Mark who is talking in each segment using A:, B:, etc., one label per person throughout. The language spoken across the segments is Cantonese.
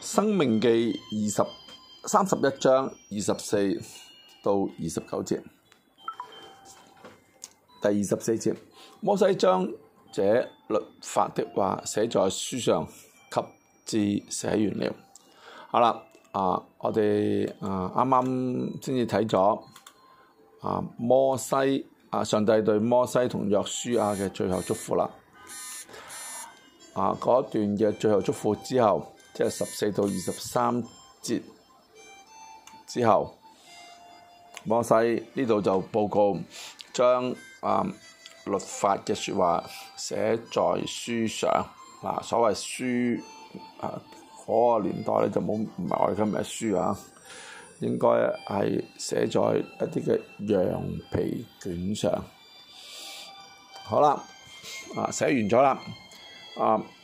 A: 《申命記》二十三十一章二十四到二十九節，第二十四節，摩西將這律法的話寫在書上，及至寫完了。好啦，啊，我哋啊啱啱先至睇咗啊摩西啊上帝對摩西同約書亞嘅最後祝福啦。啊嗰段嘅最後祝福之後。即係十四到二十三節之後，摩西呢度就報告將，啊、嗯、律法嘅説話寫在書上。嗱、啊，所謂書啊，嗰、嗰個年代咧就冇，唔係我哋今日書啊，應該係寫在一啲嘅羊皮卷上。好啦，啊寫完咗啦，啊～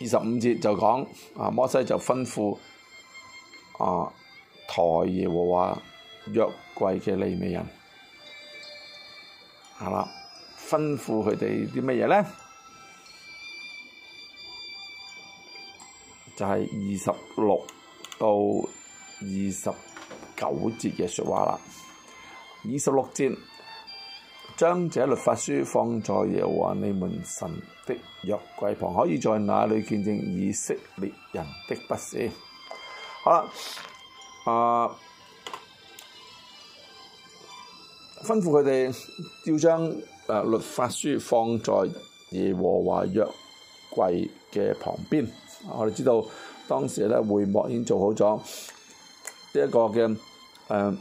A: 二十五節就講，摩西就吩咐啊抬耶和華約櫃嘅利未人，係嘛？吩咐佢哋啲乜嘢咧？就係二十六到二十九節嘅説話啦。二十六節。將這律法書放在耶和華你們神的約櫃旁，可以在那裏見證以色列人的不是。好啦，啊、呃，吩咐佢哋要將誒、呃、律法書放在耶和華約櫃嘅旁邊。我哋知道當時咧會幕已經做好咗、呃、呢一個嘅誒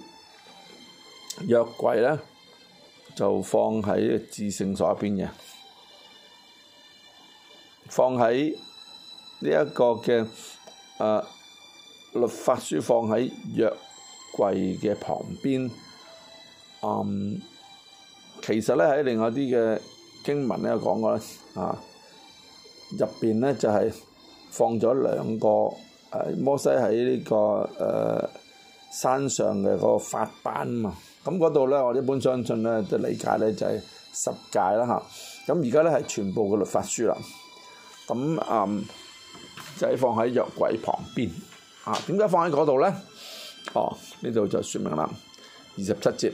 A: 約櫃就放喺至聖所入邊嘅，放喺呢一個嘅誒、呃、律法書放喺約櫃嘅旁邊。嗯，其實咧喺另外啲嘅經文咧有講過，啊，入邊咧就係、是、放咗兩個誒、呃、摩西喺呢、這個誒、呃、山上嘅嗰個法版嘛。咁嗰度咧，我一般相信咧，的理解咧就係十戒啦吓，咁而家咧係全部嘅律法書啦。咁啊、嗯，就喺、是、放喺約櫃旁邊。啊，點解放喺嗰度咧？哦，呢度就説明啦。二十七節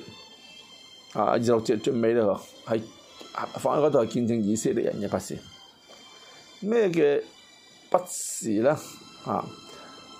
A: 啊，二十六節最尾咧，係放喺嗰度係見證以色列人嘅不是。咩嘅不是咧？啊！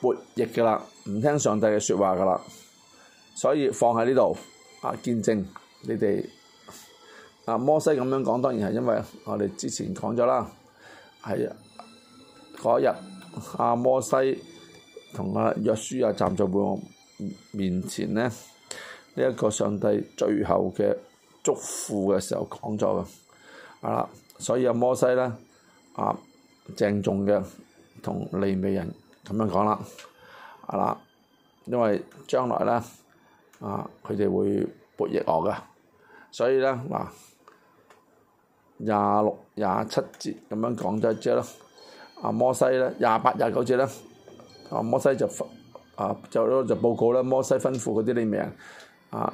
A: 悖逆㗎啦，唔聽上帝嘅說話㗎啦，所以放喺呢度啊，見證你哋啊摩西咁樣講，當然係因為我哋之前講咗啦，係嗰日阿摩西同阿、啊、約書亞、啊、站在會幕面前呢，呢、這、一個上帝最後嘅祝福嘅時候講咗嘅，啊啦，所以阿、啊、摩西啦啊鄭重嘅同利未人。咁樣講啦，啊啦，因為將來咧啊，佢哋會悖逆我㗎，所以咧嗱，廿六廿七節咁樣講就係即係啦。摩西咧，廿八廿九節咧，阿、啊、摩西就啊，就就報告啦。摩西吩咐嗰啲你命啊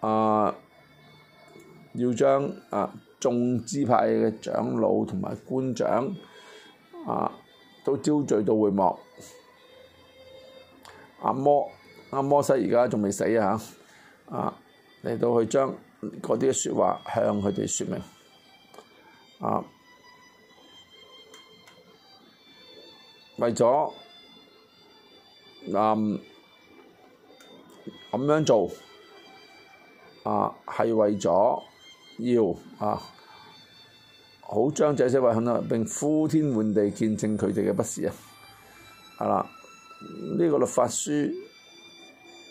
A: 啊，要將啊眾支派嘅長老同埋官長啊。都焦聚到會幕，阿摩阿摩西而家仲未死啊！啊，嚟、啊啊、都去將嗰啲説話向佢哋説明，啊，為咗啊咁樣做，啊係為咗要啊。好將這些話響度，並呼天喚地見證佢哋嘅不是啊！啊啦，呢個律法書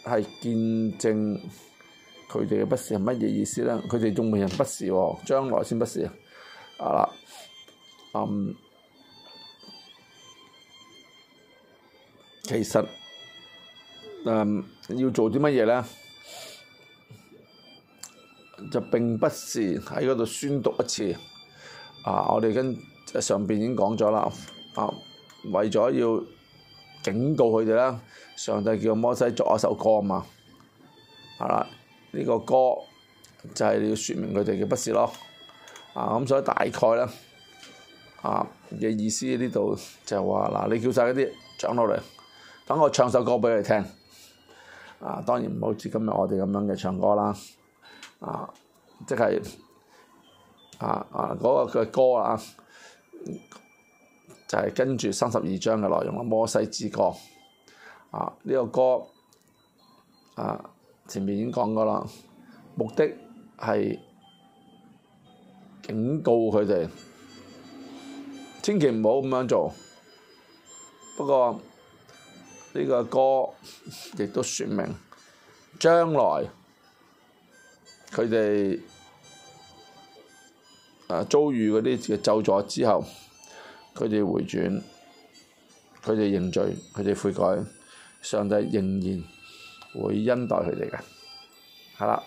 A: 係見證佢哋嘅不是，係乜嘢意思咧？佢哋仲未人不是喎，將來先不是啊！啊啦，嗯，其實誒要做啲乜嘢咧？就並不是喺嗰度宣讀一次。啊！我哋跟上邊已經講咗啦，啊，為咗要警告佢哋啦，上帝叫摩西作一首歌啊嘛，係啦，呢個歌就係要説明佢哋嘅不是咯，啊咁所以大概咧，啊嘅意思呢度就係話嗱，你叫晒嗰啲長老嚟，等我唱首歌俾佢哋聽，啊當然唔好似今日我哋咁樣嘅唱歌啦，啊即係。啊啊！嗰個嘅歌啊，就係跟住三十二章嘅內容啦，《摩西之歌》啊，呢個歌啊，前面已經講過啦，目的係警告佢哋，千祈唔好咁樣做。不過呢個歌亦都説明將來佢哋。啊！遭遇嗰啲嘅走咗之後，佢哋回轉，佢哋認罪，佢哋悔改，上帝仍然會恩待佢哋嘅，係啦。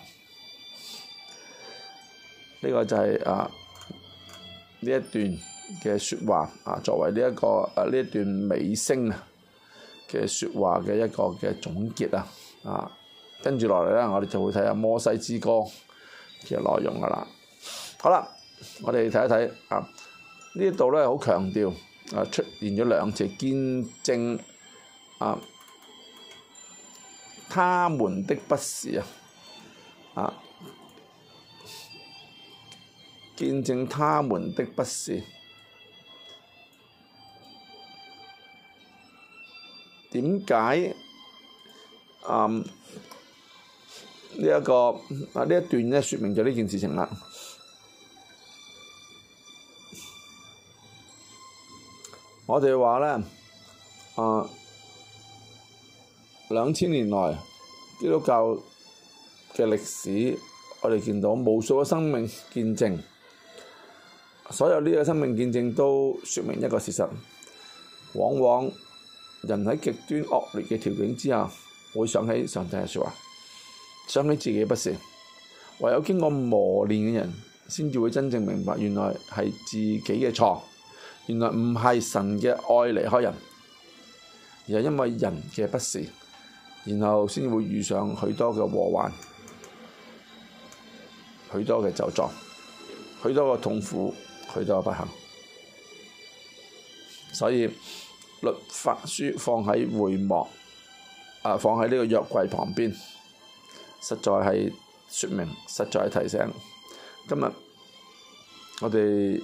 A: 呢個就係啊呢一段嘅説話啊，作為呢一個啊呢一段尾聲啊嘅説話嘅一個嘅總結啊啊，跟住落嚟咧，我哋就會睇下摩西之歌嘅內容噶啦。好啦。我哋睇一睇啊，呢度咧好強調啊，出現咗兩次，見證啊，他們的不是啊，見證他們的不是，點解啊？呢、這、一個啊呢一段咧，説明咗呢件事情啦。我哋話呢，誒兩千年來基督教嘅歷史，我哋見到無數嘅生命見證，所有呢個生命見證都說明一個事實：往往人喺極端惡劣嘅條件之下，會想起上帝嘅説話，想起自己不是。唯有經過磨練嘅人，先至會真正明白原來係自己嘅錯。原來唔係神嘅愛離開人，而係因為人嘅不是，然後先會遇上許多嘅禍患、許多嘅遭撞、許多嘅痛苦、許多嘅不幸。所以律法書放喺會幕啊、呃，放喺呢個約櫃旁邊，實在係説明，實在係提醒。今日我哋。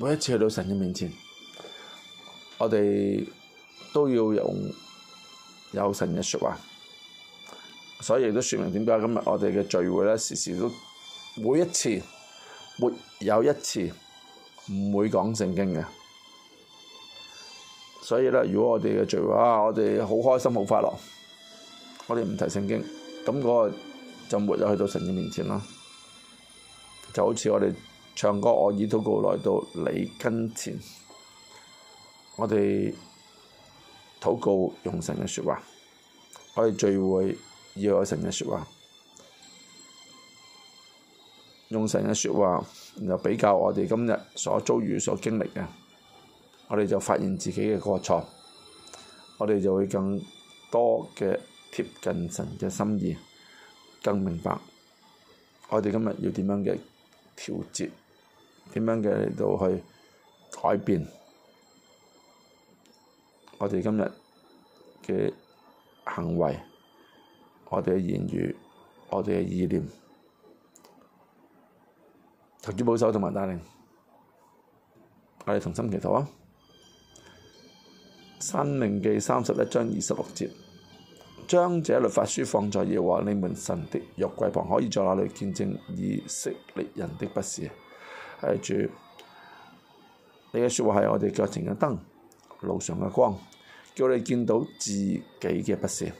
A: 每一次去到神嘅面前，我哋都要用有，有神嘅說話，所以亦都說明點解今日我哋嘅聚會咧，時時都每一次沒有一次唔會講聖經嘅。所以咧，如果我哋嘅聚會啊，我哋好開心好快樂，我哋唔提聖經，咁嗰個就冇有去到神嘅面前咯，就好似我哋。唱歌，我已禱告來到你跟前。我哋禱告用神嘅說話，我哋聚會要有神嘅說話，用神嘅說話，然後比較我哋今日所遭遇、所經歷嘅，我哋就發現自己嘅過錯，我哋就會更多嘅貼近神嘅心意，更明白我哋今日要點樣嘅調節。點樣嘅嚟到去改變我哋今日嘅行為，我哋嘅言語，我哋嘅意念。求主保守同埋帶領，我哋同心祈禱啊！申命記三十一章二十六節，將這律法書放在耶和華你們神的約櫃旁，可以在那裏見證以色列人的不是。係主，你嘅説話係我哋腳前嘅燈，路上嘅光，叫你見到自己嘅不善，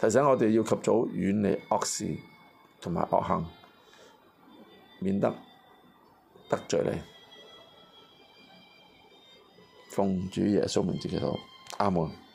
A: 提醒我哋要及早遠離惡事同埋惡行，免得得罪你。奉主耶穌名字祈禱，阿門。